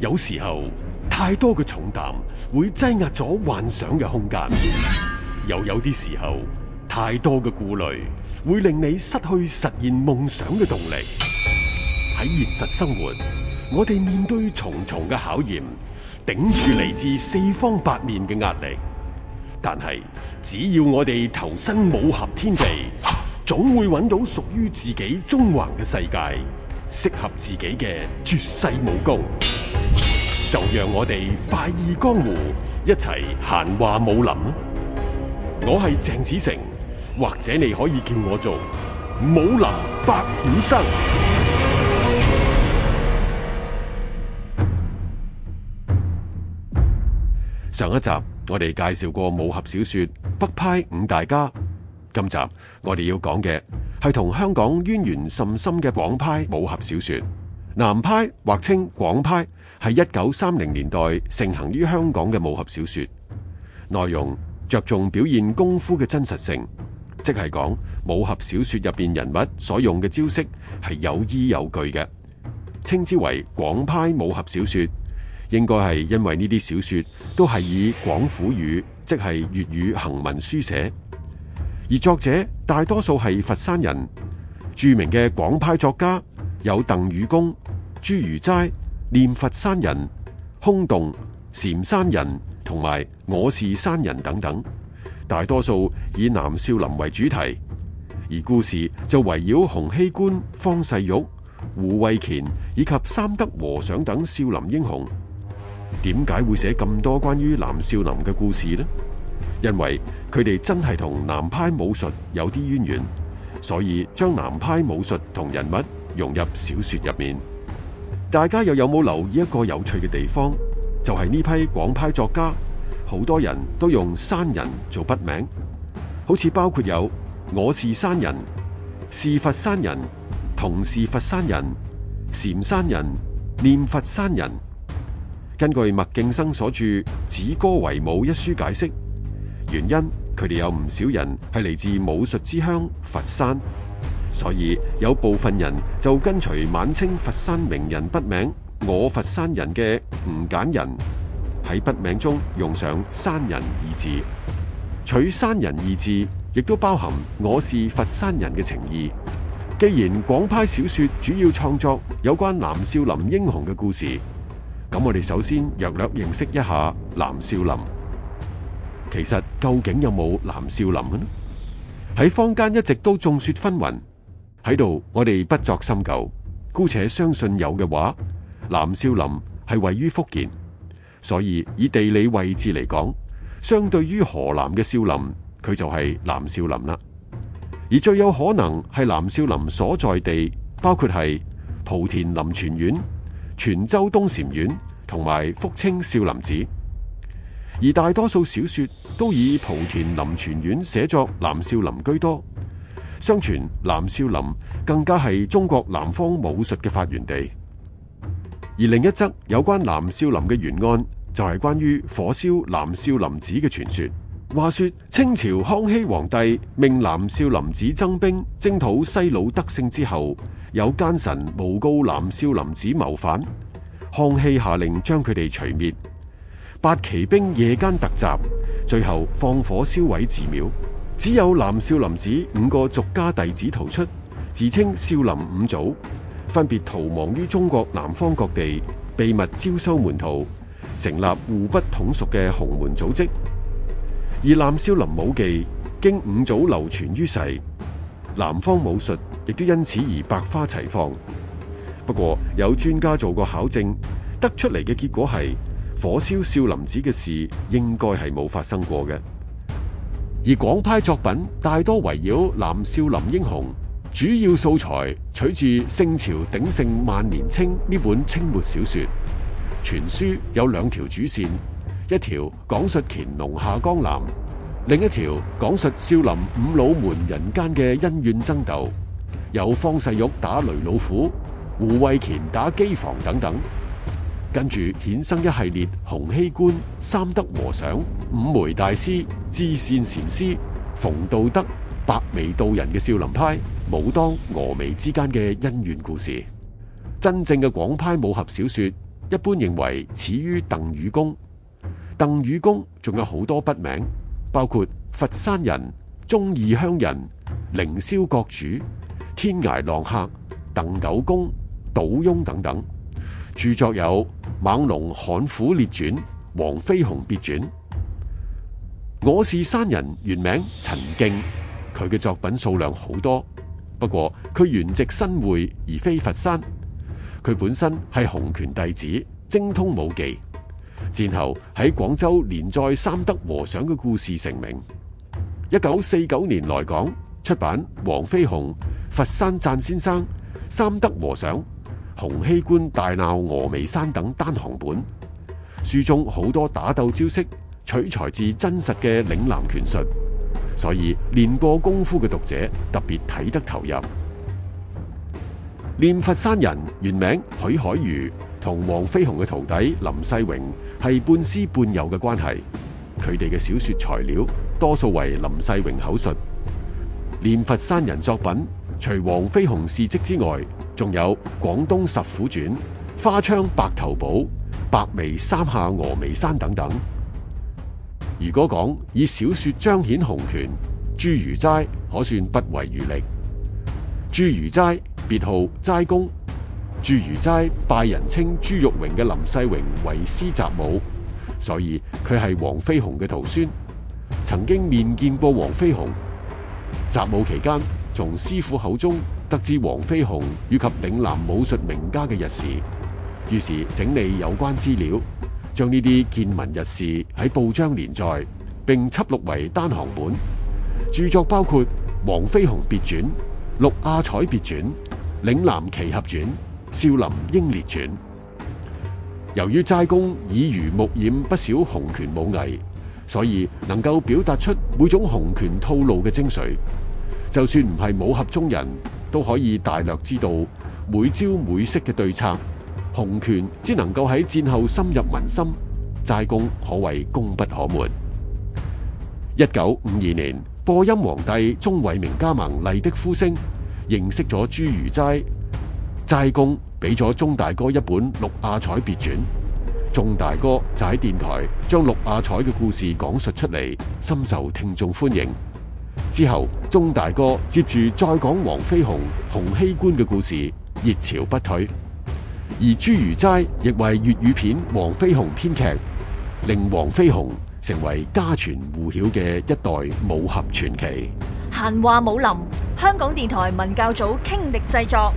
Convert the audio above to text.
有時候太多嘅重擔會擠壓咗幻想嘅空間，又有啲時候太多嘅顧慮會令你失去實現夢想嘅動力。喺現實生活，我哋面對重重嘅考驗，頂住嚟自四方八面嘅壓力。但係只要我哋投身武俠天地，總會揾到屬於自己縱橫嘅世界。適合自己嘅絕世武功，就讓我哋快意江湖，一齊閒話武林啦！我係鄭子誠，或者你可以叫我做武林百曉生。上一集我哋介紹過武俠小說北派五大家，今集我哋要講嘅。係同香港淵源甚深嘅廣派武俠小說，南派或稱廣派，係一九三零年代盛行於香港嘅武俠小說。內容着重表現功夫嘅真實性，即係講武俠小說入邊人物所用嘅招式係有依有據嘅。稱之為廣派武俠小說，應該係因為呢啲小說都係以廣府語，即係粵語行文書寫。而作者大多數係佛山人，著名嘅廣派作家有鄧雨公、朱如齋、念佛山人、空洞、禪山人同埋我是山人等等，大多數以南少林為主題，而故事就圍繞洪熙官、方世玉、胡惠乾以及三德和尚等少林英雄。點解會寫咁多關於南少林嘅故事呢？因為佢哋真係同南派武術有啲淵源，所以將南派武術同人物融入小說入面。大家又有冇留意一個有趣嘅地方？就係、是、呢批廣派作家，好多人都用山人做筆名，好似包括有我是山人、是佛山人、同是佛山人、禪山人、念佛山人。根據麥敬生所著《止戈為武》一書解釋。原因佢哋有唔少人係嚟自武術之鄉佛山，所以有部分人就跟隨晚清佛山名人筆名我佛山人嘅吳趼人喺筆名中用上山人二字，取山人二字亦都包含我是佛山人嘅情意。既然廣派小說主要創作有關南少林英雄嘅故事，咁我哋首先略略認識一下南少林。其實究竟有冇南少林嘅呢？喺坊間一直都眾說紛紜，喺度我哋不作深究。姑且相信有嘅話，南少林係位於福建，所以以地理位置嚟講，相對於河南嘅少林，佢就係南少林啦。而最有可能係南少林所在地，包括係莆田林泉院、泉州東禪院同埋福清少林寺。而大多數小說都以莆田林泉苑寫作南少林居多。相傳南少林更加係中國南方武術嘅發源地。而另一則有關南少林嘅原案，就係、是、關於火燒南少林寺嘅傳說。話說清朝康熙皇帝命南少林寺增兵征討西魯得勝之後，有奸臣誣告南少林寺謀反，康熙下令將佢哋除滅。八旗兵夜間突襲，最後放火燒毀寺廟，只有南少林寺五個俗家弟子逃出，自稱少林五祖，分別逃亡於中國南方各地，秘密招收門徒，成立互不統屬嘅洪門組織。而南少林武技經五祖流傳於世，南方武術亦都因此而百花齊放。不過，有專家做過考證，得出嚟嘅結果係：火燒少林寺嘅事應該係冇發生過嘅，而廣派作品大多圍繞南少林英雄，主要素材取自《聖朝鼎盛萬年青》呢本清末小說。全書有兩條主線，一條講述乾隆下江南，另一條講述少林五老門人間嘅恩怨爭鬥，有方世玉打雷老虎、胡惠乾打機房等等。跟住衍生一系列洪熙官、三德和尚、五枚大師、至善禪師、馮道德、白眉道人嘅少林派、武當峨眉之間嘅恩怨故事。真正嘅廣派武俠小說，一般認為始於鄧羽公。鄧羽公仲有好多筆名，包括佛山人、忠義鄉人、凌霄閣主、天涯浪客、鄧九公、賭翁等等。著作有，《猛龍悍虎列傳》《黃飛鴻別傳》，我是山人，原名陳敬，佢嘅作品數量好多。不過佢原籍新會，而非佛山。佢本身係洪拳弟子，精通武技。戰後喺廣州連載《三德和尚》嘅故事成名。一九四九年來港出版《黃飛鴻、佛山贊先生》《三德和尚》。洪熙官大鬧峨眉山等單行本，書中好多打鬥招式取材自真實嘅嶺南拳術，所以練過功夫嘅讀者特別睇得投入。念佛山人原名許海瑜，同黃飛鴻嘅徒弟林世榮係半師半友嘅關係，佢哋嘅小說材料多數為林世榮口述。念佛山人作品。除黃飛鴻事蹟之外，仲有廣東十虎傳、花槍白頭保、白眉三下峨眉山等等。如果講以小說彰顯洪拳，朱愚齋可算不遺餘力。朱愚齋別號齋公，朱愚齋拜人稱豬肉榮嘅林世榮為師習武，所以佢係黃飛鴻嘅徒孫，曾經面見過黃飛鴻。習武期間。從師傅口中得知黃飛鴻以及嶺南武術名家嘅軼事，於是整理有關資料，將呢啲見聞軼事喺報章連載，並輯錄為單行本。著作包括《黃飛鴻別傳》《陸阿采別傳》《嶺南奇俠傳》《少林英烈傳》。由於齋公耳濡目染不少洪拳武藝，所以能夠表達出每種洪拳套路嘅精髓。就算唔係武俠中人，都可以大略知道每招每式嘅對策。洪拳只能夠喺戰後深入民心，齋公可謂功不可沒。一九五二年，播音皇帝鍾偉明加盟麗的呼聲，認識咗朱愚齋。齋公俾咗鍾大哥一本《陸阿采別傳》，鍾大哥就喺電台將陸阿采嘅故事講述出嚟，深受聽眾歡迎。之後，鍾大哥接住再講黃飛鴻、洪熙官嘅故事，熱潮不退。而《朱愚齋》亦為粵語片《黃飛鴻》編劇，令黃飛鴻成為家傳戶曉嘅一代武俠傳奇。閒話武林，香港電台文教組傾力製作。